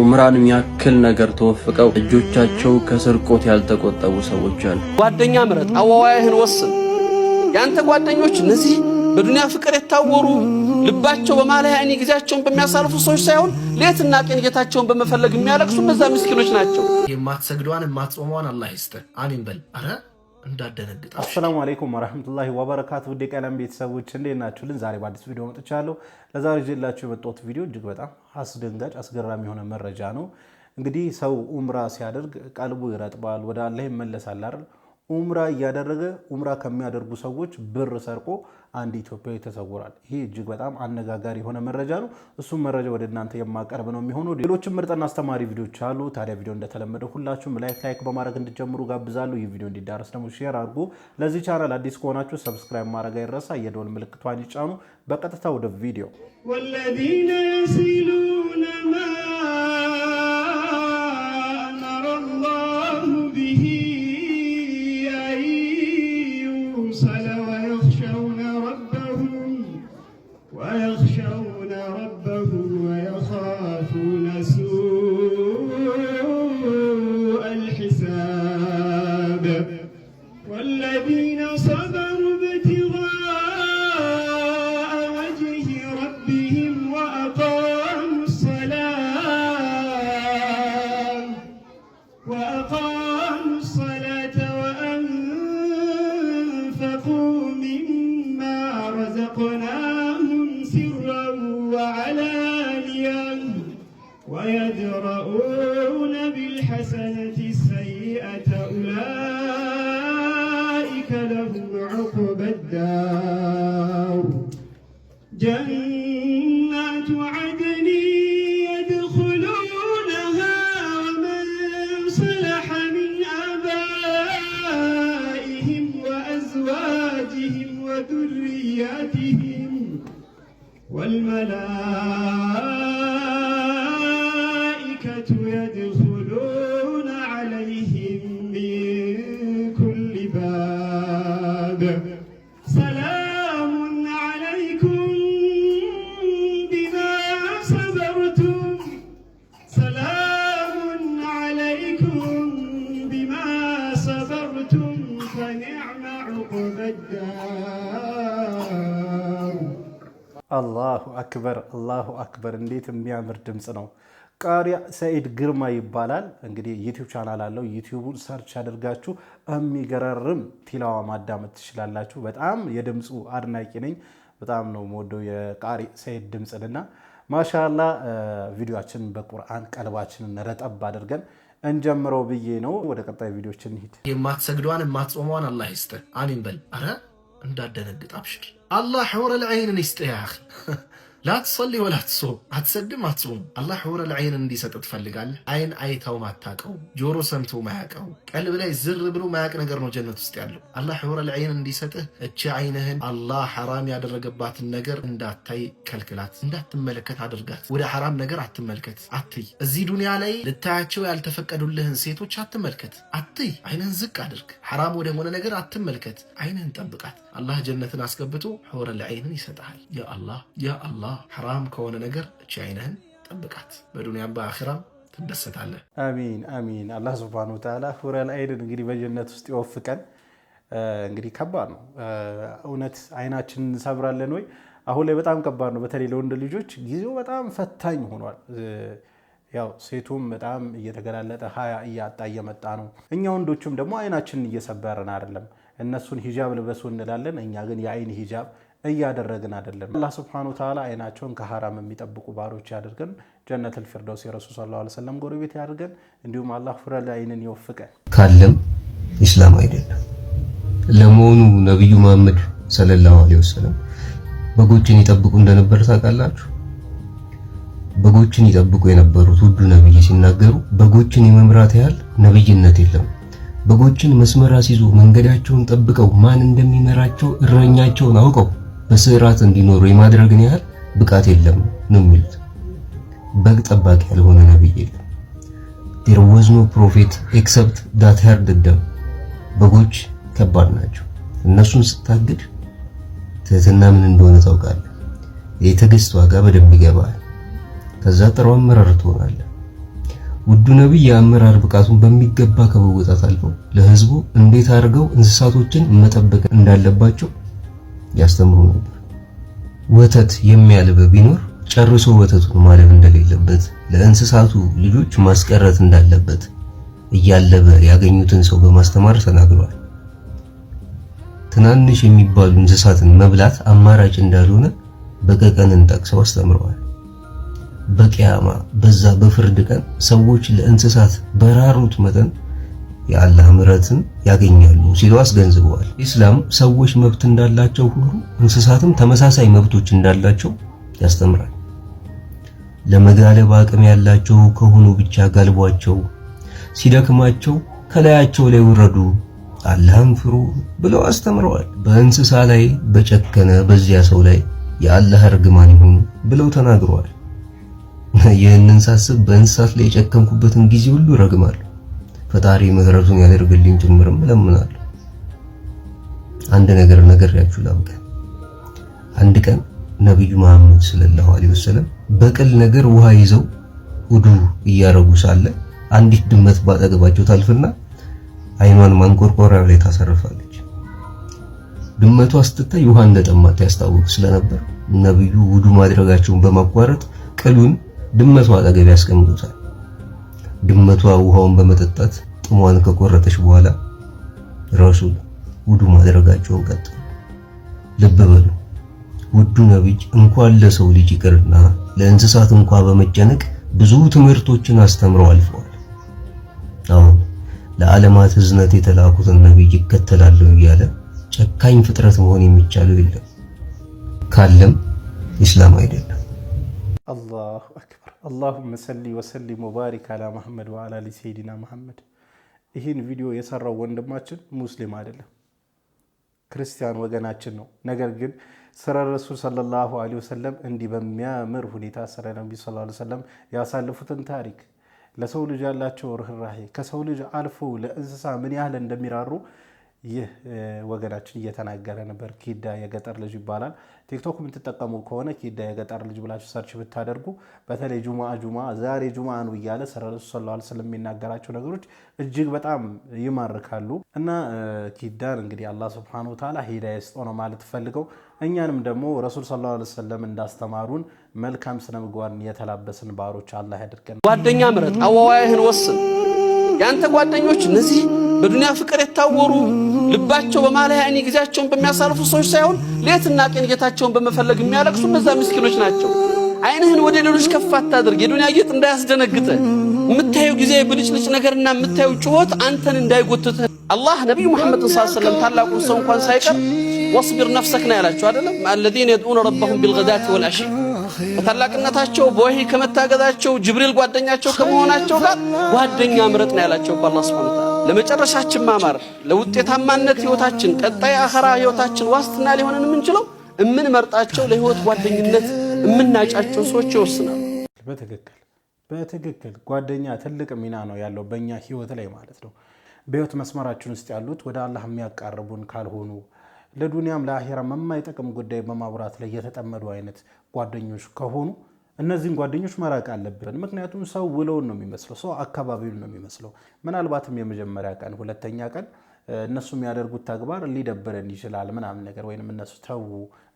ዑምራን የሚያክል ነገር ተወፍቀው እጆቻቸው ከስርቆት ያልተቆጠቡ ሰዎች አሉ። ጓደኛ ምረጥ፣ አዋዋያህን ወስን። የአንተ ጓደኞች እነዚህ በዱንያ ፍቅር የታወሩ ልባቸው በማላያ አይኔ ጊዜያቸውን በሚያሳልፉ ሰዎች ሳይሆን ሌትና ቀን ጌታቸውን በመፈለግ የሚያለቅሱ እነዛ ምስኪኖች ናቸው። የማትሰግዷን የማትጾመዋን አላህ ይስጥ። አሚን በል። እንዳደነግጥ አሰላሙ አለይኩም ወረህመቱላሂ ወበረካቱ። ውድ የቀለም ቤተሰቦች እንዴት ናችሁልን? ዛሬ በአዲስ ቪዲዮ መጥቻለሁ። ለዛሬ ይዤላችሁ የመጣሁት ቪዲዮ እጅግ በጣም አስደንጋጭ አስገራሚ የሆነ መረጃ ነው። እንግዲህ ሰው ኡምራ ሲያደርግ ቀልቡ ይረጥባል፣ ወደ አላህ ይመለሳል አይደል ኡምራ እያደረገ ኡምራ ከሚያደርጉ ሰዎች ብር ሰርቆ አንድ ኢትዮጵያዊ ተሰውሯል። ይህ እጅግ በጣም አነጋጋሪ የሆነ መረጃ ነው። እሱም መረጃ ወደ እናንተ የማቀርብ ነው የሚሆነው። ሌሎችም ምርጥና አስተማሪ ቪዲዮች አሉ። ታዲያ ቪዲዮ እንደተለመደ ሁላችሁም ላይክ ላይክ በማድረግ እንድጀምሩ ጋብዛለሁ። ይህ ቪዲዮ እንዲዳረስ ደግሞ ሼር አድርጉ። ለዚህ ቻናል አዲስ ከሆናችሁ ሰብስክራይብ ማድረግ አይረሳ፣ የደወል ምልክቷን ይጫኑ። በቀጥታ ወደ ቪዲዮ أصلحني آبائهم وأزواجهم وذرياتهم والملائكة አላሁ አክበር አላሁ አክበር፣ እንዴት የሚያምር ድምፅ ነው። ቃሪ ሰኢድ ግርማ ይባላል። እንግዲህ ዩቲዩብ ቻናል አለው። ዩቲዩቡን ሰርች አድርጋችሁ የሚገራርም ቲላዋ ማዳመጥ ትችላላችሁ። በጣም የድምፁ አድናቂ ነኝ። በጣም ነው የምወደው የቃሪ ሰኢድ ድምፅንና ማሻላ ቪዲዮችን በቁርአን ቀልባችንን ረጠብ አድርገን እንጀምረው ብዬ ነው። ወደ ቀጣይ ቪዲዮችን እንሂድ። የማትሰግዷን የማትጾመዋን አላህ ይስጥህ። አሚን በል። አረ እንዳደነግጥ አብሽር الله حور العين يسطي يا اخي ላትጸልይ ወላትጾም አትሰግድም አትጾም። አላህ ሑረል ዐይን እንዲሰጥ ትፈልጋለህ? አይን አይታው ማታቀው፣ ጆሮ ሰምተው ማያቀው፣ ቀልብ ላይ ዝር ብሎ ማያቅ ነገር ነው ጀነት ውስጥ ያለው። አላህ ሑረል ዐይን እንዲሰጥህ እቺ አይንህን አላህ ሐራም ያደረገባትን ነገር እንዳታይ ከልክላት፣ እንዳትመለከት አድርጋት። ወደ ሐራም ነገር አትመልከት፣ አትይ። እዚህ ዱንያ ላይ ልታያቸው ያልተፈቀዱልህን ሴቶች አትመልከት፣ አትይ። አይንህን ዝቅ አድርግ፣ ሐራም ወደሆነ ነገር አትመልከት። አይንህን ጠብቃት። አላህ ጀነትን አስገብቶ ሑረል ዐይንን ይሰጥሃል። ያ አላህ ያ አላህ ሐራም ከሆነ ነገር እቺ አይንህን ጠብቃት። በዱንያም በአኺራም ትደሰታለህ። አሚን አሚን። አላህ ሱብሃነሁ ወተዓላ ሁረል አይንን እንግዲህ በጀነት ውስጥ ይወፍቀን። እንግዲህ ከባድ ነው እውነት። አይናችንን እንሰብራለን ወይ? አሁን ላይ በጣም ከባድ ነው። በተለይ ለወንድ ልጆች ጊዜው በጣም ፈታኝ ሆኗል። ያው ሴቱም በጣም እየተገላለጠ ሀያ እያጣ እየመጣ ነው። እኛ ወንዶችም ደግሞ አይናችንን እየሰበርን አይደለም። እነሱን ሂጃብ ልበሱ እንላለን። እኛ ግን የአይን ሂጃብ እያደረግን አይደለም። አላህ ስብሐነሁ ወተዓላ አይናቸውን ከሐራም የሚጠብቁ ባሮች ያደርገን፣ ጀነት ፊርደውስ የረሱል ሰለላሁ ዐለይሂ ወሰለም ጎረቤት ያደርገን፣ እንዲሁም አላህ ፍረድ አይንን ይወፍቀን። ካለም ኢስላም አይደለም። ለመሆኑ ነቢዩ መሐመድ ሰለላሁ ዐለይሂ ወሰለም በጎችን ይጠብቁ እንደነበር ታውቃላችሁ? በጎችን ይጠብቁ የነበሩት ውዱ ነብይ ሲናገሩ በጎችን የመምራት ያህል ነብይነት የለም። በጎችን መስመር አስይዞ መንገዳቸውን ጠብቀው ማን እንደሚመራቸው እረኛቸውን አውቀው በስርዓት እንዲኖሩ የማድረግን ያህል ብቃት የለም ነው የሚሉት። በግ ጠባቂ ያልሆነ ነብይ የለም። there was no prophet except that herded them በጎች ከባድ ናቸው። እነሱን ስታግድ ትህትና ምን እንደሆነ ታውቃለህ። የትዕግስት ዋጋ በደንብ ይገባል። ከዛ ጥሩ አመራር ትሆናለህ። ውዱ ነቢይ የአመራር ብቃቱን በሚገባ ከመወጣት አልፈው ለህዝቡ እንዴት አድርገው እንስሳቶችን መጠበቅ እንዳለባቸው ያስተምሩ ነበር። ወተት የሚያልብ ቢኖር ጨርሶ ወተቱን ማለብ እንደሌለበት፣ ለእንስሳቱ ልጆች ማስቀረት እንዳለበት እያለበ ያገኙትን ሰው በማስተማር ተናግሯል። ትናንሽ የሚባሉ እንስሳትን መብላት አማራጭ እንዳልሆነ በቀቀንን ጠቅሰው አስተምረዋል። በቂያማ በዛ በፍርድ ቀን ሰዎች ለእንስሳት በራሩት መጠን የአላህ ምሕረትን ያገኛሉ ሲሉ አስገንዝበዋል። ኢስላም ሰዎች መብት እንዳላቸው ሁሉ እንስሳትም ተመሳሳይ መብቶች እንዳላቸው ያስተምራል። ለመጋለብ አቅም ያላቸው ከሆኑ ብቻ ጋልቧቸው፣ ሲደክማቸው ከላያቸው ላይ ውረዱ፣ አላህን ፍሩ ብለው አስተምረዋል። በእንስሳ ላይ በጨከነ በዚያ ሰው ላይ የአላህ እርግማን ይሁን ብለው ተናግረዋል። ይህንን ሳስብ በእንስሳት ላይ የጨከንኩበትን ጊዜ ሁሉ ረግማለሁ። ፈጣሪ ምህረቱን ያደርግልኝ ጭምርም እለምናለሁ። አንድ ነገር ነገር ያችሁ አንድ ቀን ነብዩ መሐመድ ሰለላሁ ዐለይሂ ወሰለም በቅል ነገር ውሃ ይዘው ውዱ እያረጉ ሳለ አንዲት ድመት ባጠገባቸው ታልፍና አይኗን ማንቆርቆሪያ ላይ ታሰርፋለች። ድመቷ ስትታይ ውሃ እንደጠማት ያስታውቅ ስለነበር ነብዩ ውዱ ማድረጋቸውን በማቋረጥ ቅሉን ድመቷ አጠገብ ያስቀምጡታል። ድመቷ ውሃውን በመጠጣት ጥሟን ከቆረጠች በኋላ ራሱን ውዱ ማድረጋቸውን ቀጥ ልብ በሉ። ውዱ ነብይ እንኳን ለሰው ልጅ ይቅርና ለእንስሳት እንኳ በመጨነቅ ብዙ ትምህርቶችን አስተምረው አልፈዋል። አሁን ለዓለማት ህዝነት የተላኩትን ነብይ ይከተላለሁ እያለ ጨካኝ ፍጥረት መሆን የሚቻለው የለም። ካለም ኢስላም አይደለም። አላሁ አክበር አላሁመ ሰሊ ወሰሊም ወባሪክ አላ መሐመድ ወአላ አሊ ሰይዲና መሐመድ። ይህን ቪዲዮ የሰራው ወንድማችን ሙስሊም አይደለም፣ ክርስቲያን ወገናችን ነው። ነገር ግን ስለ ረሱል ሰለላሁ ዐለይሂ ወሰለም እንዲህ በሚያምር ሁኔታ ስለ ነቢዩ ሰለላሁ ዐለይሂ ወሰለም ታሪክ ለሰው ልጅ ያላቸው ርኅራሄ ከሰው ልጅ አልፎ ለእንስሳ ምን ያህል እንደሚራሩ ይህ ወገናችን እየተናገረ ነበር። ኪዳ የገጠር ልጅ ይባላል። ቲክቶክ የምትጠቀሙ ከሆነ ኪዳ የገጠር ልጅ ብላችሁ ሰርች ብታደርጉ በተለይ ጁማ ጁማ ዛሬ ጁማ ነው እያለ ረሱ ሰለዋል ስለሚናገራቸው ነገሮች እጅግ በጣም ይማርካሉ እና ኪዳን እንግዲህ አላህ ስብሐነሁ ወተዓላ ሂዳ የስጦ ነው ማለት ፈልገው እኛንም ደግሞ ረሱል ሰለላሁ ዐለይሂ ወሰለም እንዳስተማሩን መልካም ስነምግባርን የተላበስን ባሮች አላህ ያድርገን። ጓደኛ ምረጥ፣ አዋዋይህን ወስን የአንተ ጓደኞች እነዚህ በዱንያ ፍቅር የታወሩ ልባቸው በማለያ አይኒ ጊዜያቸውን በሚያሳልፉ ሰዎች ሳይሆን ሌትና ቀን ጌታቸውን በመፈለግ የሚያለቅሱ እነዛ ምስኪኖች ናቸው። አይንህን ወደ ሌሎች ከፍ አታድርግ። የዱንያ ጌጥ እንዳያስደነግጠ የምታየው ጊዜ ብልጭልጭ ነገርና የምታየው ጩኸት አንተን እንዳይጎትት አላህ ነቢዩ መሐመድ ሰለላሁ ሰለም ታላቁ ሰው እንኳን ሳይቀር ወስቢር ነፍሰክ ነው ያላቸው አይደለም። አለዚነ የድዑነ ረበሁም ቢልገዳት ወልዓሽይ በታላቅነታቸው በወሂ ከመታገዛቸው ጅብሪል ጓደኛቸው ከመሆናቸው ጋር ጓደኛ ምረጥ ነው ያላቸው አላህ ሱብሓነሁ ወተዓላ። ለመጨረሻችን ማማር ለውጤታማነት ህይወታችን ቀጣይ አኸራ ህይወታችን ዋስትና ሊሆነን የምንችለው እምንመርጣቸው ለህይወት ጓደኝነት የምናጫቸው ሰዎች ይወስናል። በትክክል በትክክል ጓደኛ ትልቅ ሚና ነው ያለው በእኛ ህይወት ላይ ማለት ነው። በህይወት መስመራችን ውስጥ ያሉት ወደ አላህ የሚያቃርቡን ካልሆኑ ለዱንያም ለአሄራም የማይጠቅም ጉዳይ በማውራት ላይ የተጠመዱ አይነት ጓደኞች ከሆኑ እነዚህን ጓደኞች መራቅ አለብን። ምክንያቱም ሰው ውለውን ነው የሚመስለው፣ ሰው አካባቢውን ነው የሚመስለው። ምናልባትም የመጀመሪያ ቀን፣ ሁለተኛ ቀን እነሱ የሚያደርጉት ተግባር ሊደብረን ይችላል ምናምን ነገር ወይም እነሱ ተዉ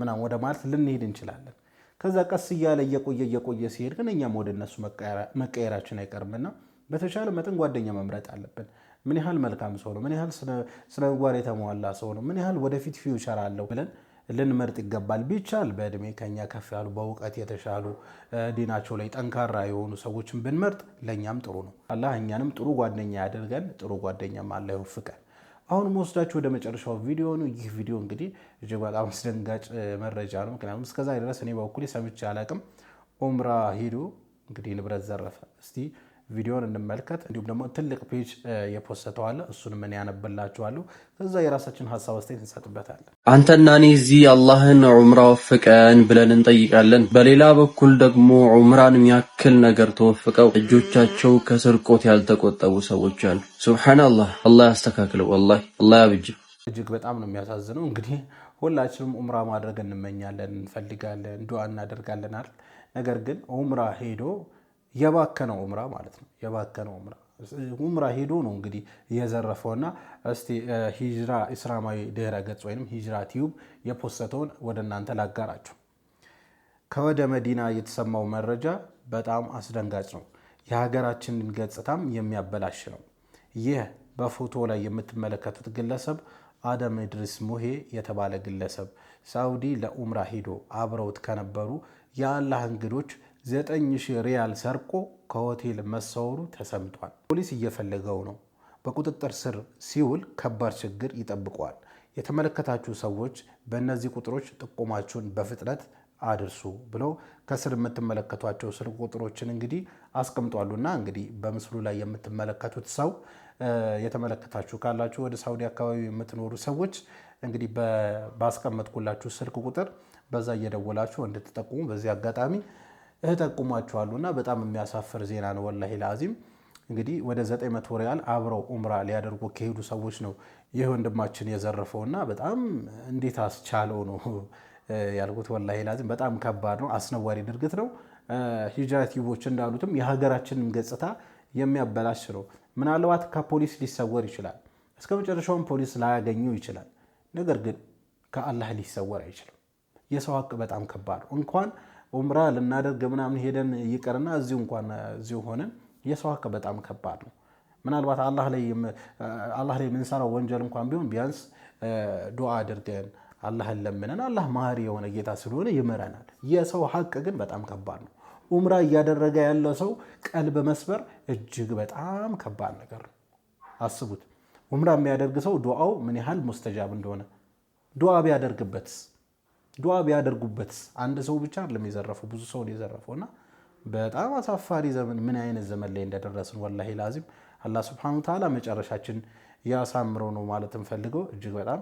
ምናምን ወደ ማለት ልንሄድ እንችላለን። ከዛ ቀስ እያለ እየቆየ እየቆየ ሲሄድ ግን እኛም ወደ እነሱ መቀየራችን አይቀርምና በተሻለ መጠን ጓደኛ መምረጥ አለብን። ምን ያህል መልካም ሰው ነው፣ ምን ያህል ስነ ምግባር የተሟላ ሰው ነው፣ ምን ያህል ወደፊት ፊውቸር አለው ብለን ልንመርጥ ይገባል። ቢቻል በእድሜ ከኛ ከፍ ያሉ በእውቀት የተሻሉ ዲናቸው ላይ ጠንካራ የሆኑ ሰዎችን ብንመርጥ ለእኛም ጥሩ ነው። አላህ እኛንም ጥሩ ጓደኛ ያደርገን፣ ጥሩ ጓደኛም አላህ ይወፍቀን። አሁን መወስዳችሁ ወደ መጨረሻው ቪዲዮ ነው። ይህ ቪዲዮ እንግዲህ እጅግ በጣም አስደንጋጭ መረጃ ነው። ምክንያቱም እስከዛ ድረስ እኔ በኩል ሰምቼ አላቅም። ኡምራ ሂዱ እንግዲህ ንብረት ዘረፈ። እስቲ ቪዲዮን እንመልከት። እንዲሁም ደግሞ ትልቅ ፔጅ የፖስተዋለ እሱን ምን ያነብላችኋለሁ። ከዛ የራሳችን ሀሳብ አስተያየት እንሰጥበታለን። አንተና እኔ እዚህ አላህን ዑምራ ወፍቀን ብለን እንጠይቃለን። በሌላ በኩል ደግሞ ዑምራን የሚያክል ነገር ተወፍቀው እጆቻቸው ከስርቆት ያልተቆጠቡ ሰዎች አሉ። ሱብሓነላህ። አላህ ያስተካክለው። ወላሂ አላህ ያብጅ። እጅግ በጣም ነው የሚያሳዝነው። እንግዲህ ሁላችንም ዑምራ ማድረግ እንመኛለን፣ እንፈልጋለን፣ ዱዓ እናደርጋለን አይደል? ነገር ግን ዑምራ ሄዶ የባከነው ምራ ማለት ነው። የባከነው ኡምራ ኡምራ ሄዶ ነው እንግዲህ የዘረፈውና እስቲ ሂጅራ ኢስላማዊ ድህረ ገጽ ወይም ሂጅራ ቲዩብ የፖሰተውን ወደ እናንተ ላጋራችሁ። ከወደ መዲና የተሰማው መረጃ በጣም አስደንጋጭ ነው። የሀገራችንን ገጽታም የሚያበላሽ ነው። ይህ በፎቶ ላይ የምትመለከቱት ግለሰብ አደም ኢድሪስ ሙሄ የተባለ ግለሰብ ሳውዲ ለኡምራ ሄዶ አብረውት ከነበሩ የአላህ እንግዶች ዘጠኝ ሺህ ሪያል ሰርቆ ከሆቴል መሰወሩ ተሰምቷል። ፖሊስ እየፈለገው ነው። በቁጥጥር ስር ሲውል ከባድ ችግር ይጠብቀዋል። የተመለከታችሁ ሰዎች በእነዚህ ቁጥሮች ጥቆማችሁን በፍጥነት አድርሱ ብለው ከስር የምትመለከቷቸው ስልክ ቁጥሮችን እንግዲህ አስቀምጧሉና እንግዲህ በምስሉ ላይ የምትመለከቱት ሰው የተመለከታችሁ ካላችሁ ወደ ሳውዲ አካባቢ የምትኖሩ ሰዎች እንግዲህ ባስቀመጥኩላችሁ ስልክ ቁጥር በዛ እየደወላችሁ እንድትጠቁሙ በዚህ አጋጣሚ እጠቁማችኋሉና በጣም የሚያሳፍር ዜና ነው። ወላሂ ለአዚም እንግዲህ ወደ 900 ሪያል አብረው ኡምራ ሊያደርጉ ከሄዱ ሰዎች ነው ይህ ወንድማችን የዘረፈውና በጣም እንዴት አስቻለው ነው ያልኩት። ወላሂ ለአዚም በጣም ከባድ ነው፣ አስነዋሪ ድርግት ነው። ሂጅራ ቲዩቦች እንዳሉትም የሀገራችንን ገጽታ የሚያበላሽ ነው። ምናልባት ከፖሊስ ሊሰወር ይችላል፣ እስከ መጨረሻውን ፖሊስ ላያገኘው ይችላል። ነገር ግን ከአላህ ሊሰወር አይችልም። የሰው ሀቅ በጣም ከባድ ነው እንኳን ኡምራ ልናደርግ ምናምን ሄደን ይቅርና እዚሁ እንኳን እዚሁ ሆነን የሰው ሀቅ በጣም ከባድ ነው። ምናልባት አላህ ላይ የምንሰራው ወንጀል እንኳን ቢሆን ቢያንስ ዱዓ አድርገን አላህን ለምነን አላህ ማህሪ የሆነ ጌታ ስለሆነ ይምረናል። የሰው ሀቅ ግን በጣም ከባድ ነው። ኡምራ እያደረገ ያለ ሰው ቀልብ መስበር እጅግ በጣም ከባድ ነገር ነው። አስቡት። ኡምራ የሚያደርግ ሰው ዱዓው ምን ያህል ሙስተጃብ እንደሆነ ዱዓ ቢያደርግበትስ ዱዓ ቢያደርጉበት አንድ ሰው ብቻ አይደለም የዘረፈው፣ ብዙ ሰው የዘረፈው እና በጣም አሳፋሪ ዘመን፣ ምን አይነት ዘመን ላይ እንደደረስን ወላሂ ላዚም አላህ ስብሐነሁ ተዓላ መጨረሻችን ያሳምረው ነው ማለት እንፈልገው። እጅግ በጣም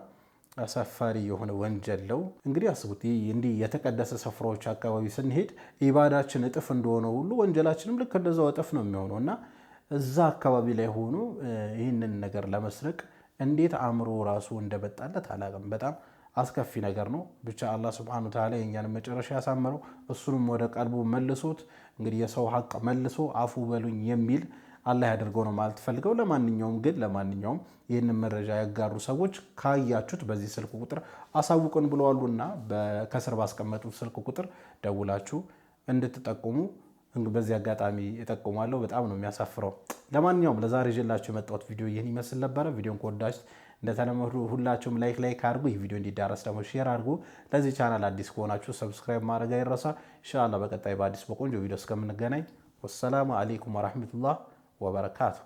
አሳፋሪ የሆነ ወንጀል ነው። እንግዲህ አስቡት፣ እንዲህ የተቀደሰ ስፍራዎች አካባቢ ስንሄድ ኢባዳችን እጥፍ እንደሆነ ሁሉ ወንጀላችንም ልክ እንደዛው እጥፍ ነው የሚሆነው እና እዛ አካባቢ ላይ ሆኖ ይህንን ነገር ለመስረቅ እንዴት አእምሮ ራሱ እንደመጣለት አላቅም በጣም አስከፊ ነገር ነው። ብቻ አላህ ስብሐነሁ ወተዓላ የእኛን መጨረሻ ያሳመረው እሱንም ወደ ቀልቡ መልሶት እንግዲህ የሰው ሀቅ መልሶ አፉ በሉኝ የሚል አላህ ያደርገው ነው ማለት ፈልገው። ለማንኛውም ግን ለማንኛውም ይህንን መረጃ ያጋሩ ሰዎች ካያችሁት በዚህ ስልክ ቁጥር አሳውቅን ብለዋሉና ከስር ባስቀመጡት ስልክ ቁጥር ደውላችሁ እንድትጠቁሙ በዚህ አጋጣሚ እጠቁማለሁ። በጣም ነው የሚያሳፍረው። ለማንኛውም ለዛሬ ይዤላችሁ የመጣሁት ቪዲዮ ይህን ይመስል ነበረ። ቪዲዮን ከወዳችሁት እንደተለመዱ ሁላችሁም ላይክ ላይክ አድርጉ። ይህ ቪዲዮ እንዲዳረስ ደግሞ ሼር አድርጉ። ለዚህ ቻናል አዲስ ከሆናችሁ ሰብስክራይብ ማድረግ አይረሳ። ኢንሻላህ በቀጣይ በአዲስ በቆንጆ ቪዲዮ እስከምንገናኝ ወሰላሙ አሌይኩም ወረሕመቱላህ ወበረካቱ።